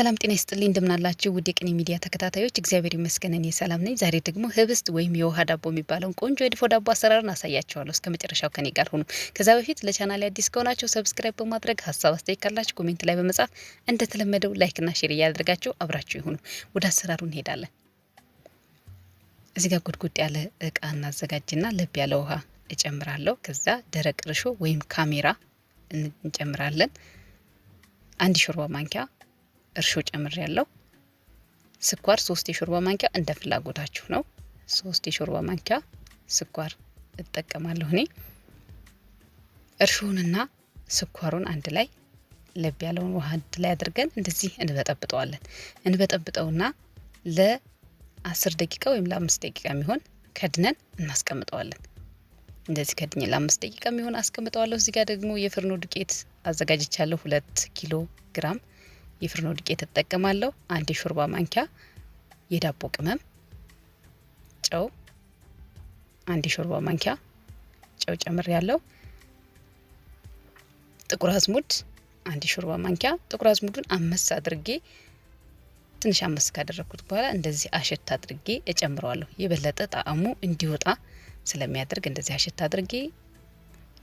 ሰላም ጤና ይስጥልኝ። እንደምናላችሁ ውድ የቅኔ ሚዲያ ተከታታዮች፣ እግዚአብሔር ይመስገን እኔ ሰላም ነኝ። ዛሬ ደግሞ ህብስት ወይም የውሃ ዳቦ የሚባለውን ቆንጆ የድፎ ዳቦ አሰራርን አሳያችኋለሁ። እስከ መጨረሻው ከኔ ጋር ሁኑ። ከዛ በፊት ለቻናል አዲስ ከሆናችሁ ሰብስክራይብ በማድረግ ሀሳብ አስተያየት ካላችሁ ኮሜንት ላይ በመጻፍ እንደተለመደው ላይክና ሼር እያደረጋችሁ አብራችሁ ይሁኑ። ወደ አሰራሩ እንሄዳለን። እዚህ ጋር ጉድጉድ ያለ እቃ እናዘጋጅና ለብ ያለ ውሃ እጨምራለሁ። ከዛ ደረቅ እርሾ ወይም ካሜራ እንጨምራለን። አንድ ሾርባ ማንኪያ እርሾ ጨምር ያለው ስኳር ሶስት የሾርባ ማንኪያ እንደ ፍላጎታችሁ ነው። ሶስት የሾርባ ማንኪያ ስኳር እጠቀማለሁ እኔ። እርሾውንና ስኳሩን አንድ ላይ ለብ ያለውን ውሃ አንድ ላይ አድርገን እንደዚህ እንበጠብጠዋለን። እንበጠብጠውና ለአስር ደቂቃ ወይም ለአምስት ደቂቃ የሚሆን ከድነን እናስቀምጠዋለን። እንደዚህ ከድኝ ለአምስት ደቂቃ የሚሆን አስቀምጠዋለሁ። እዚህ ጋር ደግሞ የፍርኖ ዱቄት አዘጋጅቻለሁ ሁለት ኪሎ ግራም የፍርኖ ዱቄት እጠቀማለሁ። አንድ የሾርባ ማንኪያ የዳቦ ቅመም፣ ጨው፣ አንድ የሾርባ ማንኪያ ጨው ጨምር ያለው ጥቁር አዝሙድ አንድ የሾርባ ማንኪያ ጥቁር አዝሙዱን አመስ አድርጌ ትንሽ አመስ ካደረግኩት በኋላ እንደዚህ አሸት አድርጌ እጨምረዋለሁ። የበለጠ ጣዕሙ እንዲወጣ ስለሚያደርግ እንደዚህ አሸት አድርጌ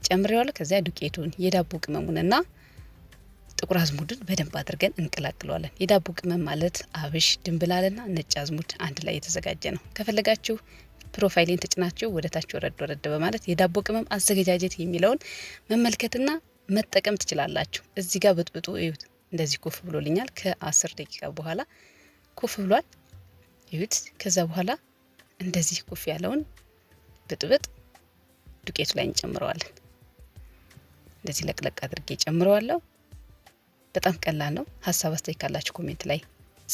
ጨምሬዋለሁ። ከዚያ ዱቄቱን የዳቦ ቅመሙንና ጥቁር አዝሙድን በደንብ አድርገን እንቀላቅለዋለን። የዳቦ ቅመም ማለት አብሽ፣ ድንብላልና ነጭ አዝሙድ አንድ ላይ የተዘጋጀ ነው። ከፈለጋችሁ ፕሮፋይሌን ተጭናችሁ ወደ ታች ወረድ ወረድ በማለት የዳቦ ቅመም አዘገጃጀት የሚለውን መመልከትና መጠቀም ትችላላችሁ። እዚህ ጋር ብጥብጡ እዩት። እንደዚህ ኩፍ ብሎልኛል። ከአስር ደቂቃ በኋላ ኩፍ ብሏል። እዩት። ከዛ በኋላ እንደዚህ ኩፍ ያለውን ብጥብጥ ዱቄቱ ላይ እንጨምረዋለን። እንደዚህ ለቅለቅ አድርጌ ጨምረዋለሁ። በጣም ቀላል ነው። ሀሳብ አስተያየት ካላችሁ ኮሜንት ላይ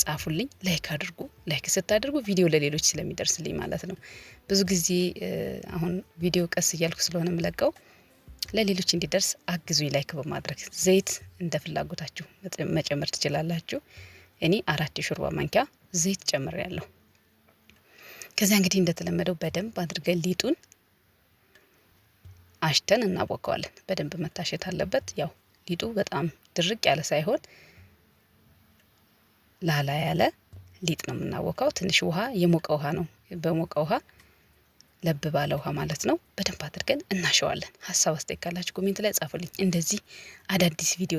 ጻፉልኝ። ላይክ አድርጉ። ላይክ ስታደርጉ ቪዲዮ ለሌሎች ስለሚደርስልኝ ማለት ነው። ብዙ ጊዜ አሁን ቪዲዮ ቀስ እያልኩ ስለሆነ ምለቀው ለሌሎች እንዲደርስ አግዙኝ። ላይክ በማድረግ ዘይት እንደ ፍላጎታችሁ መጨመር ትችላላችሁ። እኔ አራት የሾርባ ማንኪያ ዘይት ጨምር ያለሁ። ከዚያ እንግዲህ እንደተለመደው በደንብ አድርገን ሊጡን አሽተን እናቦከዋለን። በደንብ መታሸት አለበት። ያው ሊጡ በጣም ድርቅ ያለ ሳይሆን ላላ ያለ ሊጥ ነው የምናወቀው ትንሽ ውሃ የሞቀ ውሃ ነው፣ በሞቀ ውሃ ለብ ባለ ውሃ ማለት ነው። በደንብ አድርገን እናሸዋለን። ሀሳብ አስተያየት ካላችሁ ኮሜንት ላይ ጻፉልኝ። እንደዚህ አዳዲስ ቪዲዮ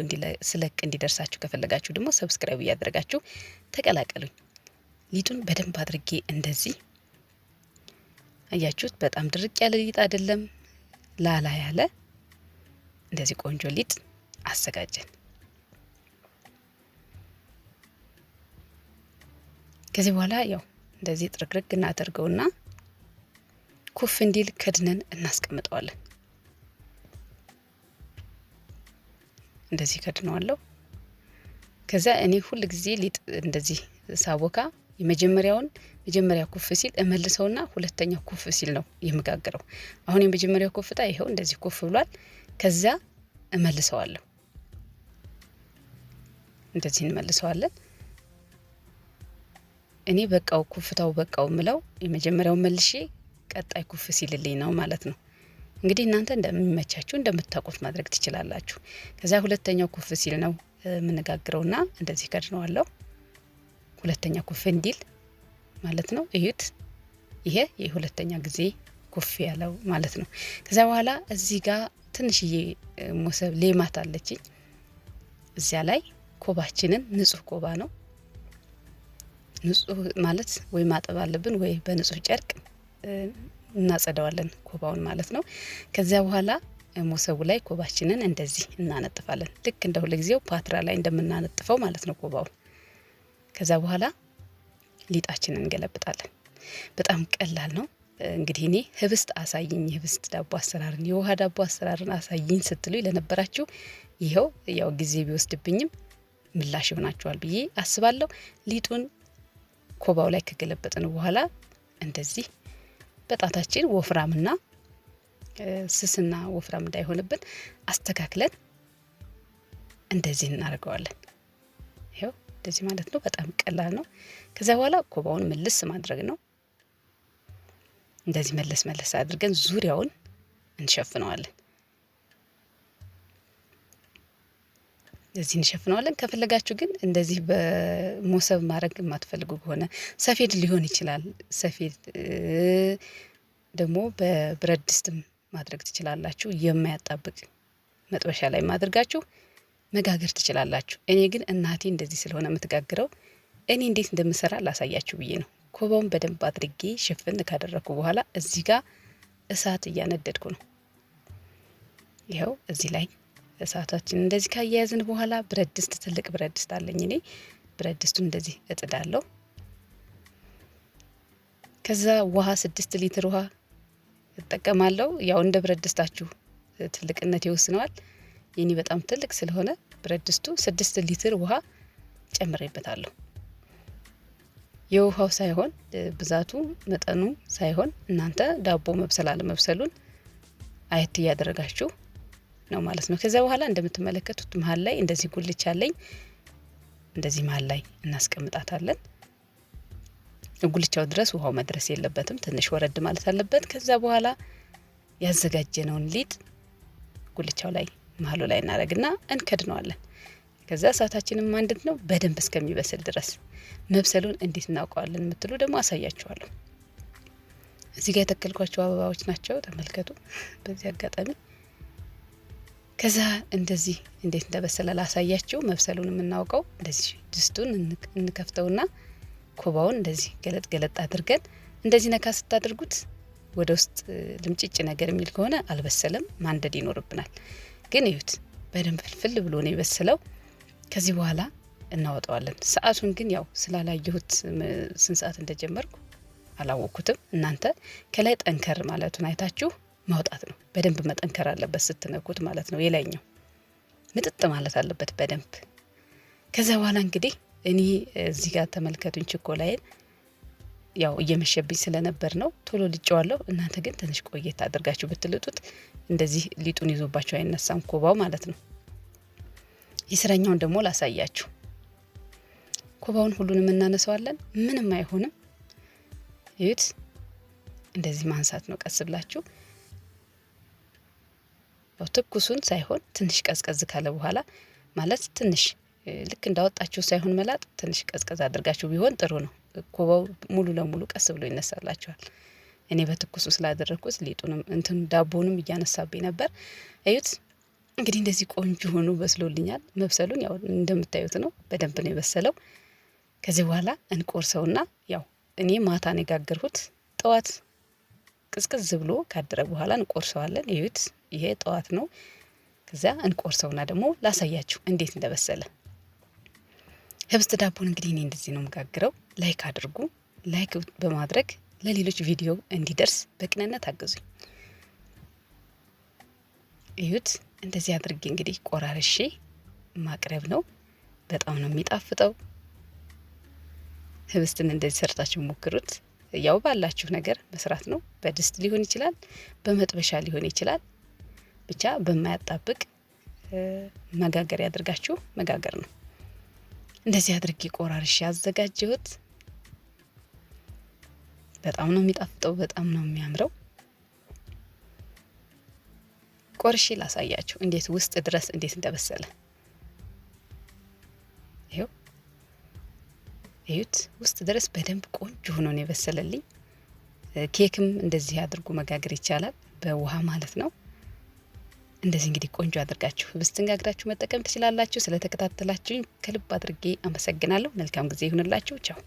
ስለቅ እንዲደርሳችሁ ከፈለጋችሁ ደግሞ ሰብስክራይብ እያደረጋችሁ ተቀላቀሉኝ። ሊጡን በደንብ አድርጌ እንደዚህ አያችሁት። በጣም ድርቅ ያለ ሊጥ አይደለም፣ ላላ ያለ እንደዚህ ቆንጆ ሊጥ አዘጋጀን። ከዚህ በኋላ ያው እንደዚህ ጥርግርግ እናደርገውና ኩፍ እንዲል ከድነን እናስቀምጠዋለን። እንደዚህ ከድነዋለሁ። ከዚያ እኔ ሁል ጊዜ ሊጥ እንደዚህ ሳቦካ የመጀመሪያውን መጀመሪያ ኩፍ ሲል እመልሰውና ሁለተኛው ኩፍ ሲል ነው የምጋግረው። አሁን የመጀመሪያው ኩፍታ ይኸው እንደዚህ ኩፍ ብሏል። ከዚያ እመልሰዋለሁ፣ እንደዚህ እንመልሰዋለን። እኔ በቃው ኩፍታው በቃው ምለው የመጀመሪያው መልሼ ቀጣይ ኩፍ ሲልልኝ ነው ማለት ነው። እንግዲህ እናንተ እንደሚመቻችሁ እንደምታውቁት ማድረግ ትችላላችሁ። ከዚያ ሁለተኛው ኩፍ ሲል ነው የምነጋግረውና እንደዚህ ከድነዋለሁ። ሁለተኛ ኩፍ እንዲል ማለት ነው። እዩት፣ ይሄ የሁለተኛ ጊዜ ኩፍ ያለው ማለት ነው። ከዚያ በኋላ እዚህ ጋር ትንሽዬ ሞሰብ ሌማት አለችኝ። እዚያ ላይ ኮባችንን ንጹህ ኮባ ነው ንጹህ ማለት ወይ ማጠብ አለብን ወይ በንጹህ ጨርቅ እናጸዳዋለን ኮባውን ማለት ነው። ከዚያ በኋላ ሞሰቡ ላይ ኮባችንን እንደዚህ እናነጥፋለን። ልክ እንደ ሁልጊዜው ፓትራ ላይ እንደምናነጥፈው ማለት ነው ኮባውን። ከዛ በኋላ ሊጣችንን እንገለብጣለን። በጣም ቀላል ነው። እንግዲህ እኔ ህብስት አሳይኝ ህብስት ዳቦ አሰራርን የውሃ ዳቦ አሰራርን አሳይኝ ስትሉኝ ለነበራችሁ ይኸው ያው ጊዜ ቢወስድብኝም ምላሽ ይሆናችኋል ብዬ አስባለሁ። ሊጡን ኮባው ላይ ከገለበጥን በኋላ እንደዚህ በጣታችን ወፍራምና ስስና ወፍራም እንዳይሆንብን አስተካክለን እንደዚህ እናደርገዋለን። ይኸው እንደዚህ ማለት ነው። በጣም ቀላል ነው። ከዚያ በኋላ ኮባውን መልስ ማድረግ ነው። እንደዚህ መለስ መለስ አድርገን ዙሪያውን እንሸፍነዋለን። እዚህ እንሸፍነዋለን። ከፈለጋችሁ ግን እንደዚህ በሞሰብ ማድረግ የማትፈልጉ ከሆነ ሰፌድ ሊሆን ይችላል። ሰፌድ ደግሞ በብረት ድስትም ማድረግ ትችላላችሁ። የማያጣብቅ መጥበሻ ላይ ማድረጋችሁ መጋገር ትችላላችሁ። እኔ ግን እናቴ እንደዚህ ስለሆነ የምትጋግረው እኔ እንዴት እንደምሰራ ላሳያችሁ ብዬ ነው። ኮባውን በደንብ አድርጌ ሽፍን ካደረግኩ በኋላ እዚህ ጋር እሳት እያነደድኩ ነው። ይኸው እዚህ ላይ እሳታችን እንደዚህ ካያያዝን በኋላ ብረት ድስት ትልቅ ብረት ድስት አለኝ እኔ ብረት ድስቱን እንደዚህ እጥዳለሁ። ከዛ ውሃ ስድስት ሊትር ውሃ እጠቀማለሁ። ያው እንደ ብረት ድስታችሁ ትልቅነት ይወስነዋል። የኔ በጣም ትልቅ ስለሆነ ብረት ድስቱ ስድስት ሊትር ውሃ ጨምሬበታለሁ። የውሃው ሳይሆን ብዛቱ መጠኑ ሳይሆን እናንተ ዳቦ መብሰል አለመብሰሉን አየት እያደረጋችሁ ነው ማለት ነው። ከዚያ በኋላ እንደምትመለከቱት መሀል ላይ እንደዚህ ጉልቻ አለኝ። እንደዚህ መሀል ላይ እናስቀምጣታለን። ጉልቻው ድረስ ውሃው መድረስ የለበትም፣ ትንሽ ወረድ ማለት አለበት። ከዛ በኋላ ያዘጋጀነውን ሊጥ ጉልቻው ላይ መሀሉ ላይ እናደርግና እንከድነዋለን። ከዛ እሳታችንም ማንድት ነው በደንብ እስከሚበስል ድረስ። መብሰሉን እንዴት እናውቀዋለን የምትሉ ደግሞ አሳያችኋለሁ። እዚህ ጋር የተከልኳቸው አበባዎች ናቸው፣ ተመልከቱ በዚህ አጋጣሚ ከዛ እንደዚህ እንዴት እንደበሰለ ላሳያችሁ። መብሰሉን የምናውቀው እንደዚህ ድስቱን እንከፍተውና ኮባውን እንደዚህ ገለጥ ገለጥ አድርገን እንደዚህ ነካ ስታደርጉት ወደ ውስጥ ልምጭጭ ነገር የሚል ከሆነ አልበሰለም፣ ማንደድ ይኖርብናል። ግን ይዩት በደንብ ፍልፍል ብሎ ነው የበሰለው። ከዚህ በኋላ እናወጣዋለን። ሰዓቱን ግን ያው ስላላየሁት ስንት ሰዓት እንደጀመርኩ አላወቅኩትም። እናንተ ከላይ ጠንከር ማለቱን አይታችሁ ማውጣት ነው። በደንብ መጠንከር አለበት ስትነኩት ማለት ነው። የላይኛው ምጥጥ ማለት አለበት በደንብ ከዛ በኋላ እንግዲህ እኔ እዚህ ጋር ተመልከቱኝ። ችኮላዬን ያው እየመሸብኝ ስለነበር ነው ቶሎ ልጨዋለሁ። እናንተ ግን ትንሽ ቆየት አድርጋችሁ ብትልጡት እንደዚህ ሊጡን ይዞባቸው አይነሳም ኮባው ማለት ነው። የስረኛውን ደግሞ ላሳያችሁ። ኮባውን ሁሉንም እናነሳዋለን። ምንም አይሆንም። ይዩት፣ እንደዚህ ማንሳት ነው ቀስ ብላችሁ ትኩሱን ሳይሆን ትንሽ ቀዝቀዝ ካለ በኋላ ማለት ትንሽ ልክ እንዳወጣችሁ ሳይሆን መላጥ ትንሽ ቀዝቀዝ አድርጋችሁ ቢሆን ጥሩ ነው። ኮበው ሙሉ ለሙሉ ቀስ ብሎ ይነሳላችኋል። እኔ በትኩሱ ስላደረግኩት ሊጡንም እንትን ዳቦንም እያነሳብኝ ነበር። እዩት እንግዲህ እንደዚህ ቆንጆ ሆኖ በስሎልኛል። መብሰሉን ያው እንደምታዩት ነው፣ በደንብ ነው የበሰለው። ከዚህ በኋላ እንቆርሰውና ያው እኔ ማታ ነው የጋገርሁት። ጠዋት ቅዝቅዝ ብሎ ካደረ በኋላ እንቆርሰዋለን። እዩት ይሄ ጠዋት ነው። ከዚያ እንቆርሰውና ደግሞ ላሳያችሁ እንዴት እንደበሰለ ህብስት ዳቦን። እንግዲህ እኔ እንደዚህ ነው መጋግረው። ላይክ አድርጉ። ላይክ በማድረግ ለሌሎች ቪዲዮ እንዲደርስ በቅንነት አግዙኝ። እዩት፣ እንደዚህ አድርጌ እንግዲህ ቆራርሼ ማቅረብ ነው። በጣም ነው የሚጣፍጠው። ህብስትን እንደዚህ ሰርታችሁ ሞክሩት። ያው ባላችሁ ነገር መስራት ነው። በድስት ሊሆን ይችላል፣ በመጥበሻ ሊሆን ይችላል። ብቻ በማያጣብቅ መጋገር ያደርጋችሁ መጋገር ነው። እንደዚህ አድርጌ ቆራርሽ ያዘጋጀሁት በጣም ነው የሚጣፍጠው፣ በጣም ነው የሚያምረው። ቆርሺ ላሳያችሁ እንዴት ውስጥ ድረስ እንዴት እንደበሰለ ይሄው እዩት። ውስጥ ድረስ በደንብ ቆንጆ ሆኖ ነው የበሰለልኝ። ኬክም እንደዚህ አድርጎ መጋገር ይቻላል፣ በውሃ ማለት ነው። እንደዚህ እንግዲህ ቆንጆ አድርጋችሁ ብስትንጋግራችሁ መጠቀም ትችላላችሁ። ስለተከታተላችሁኝ ከልብ አድርጌ አመሰግናለሁ። መልካም ጊዜ ይሁንላችሁ። ቻው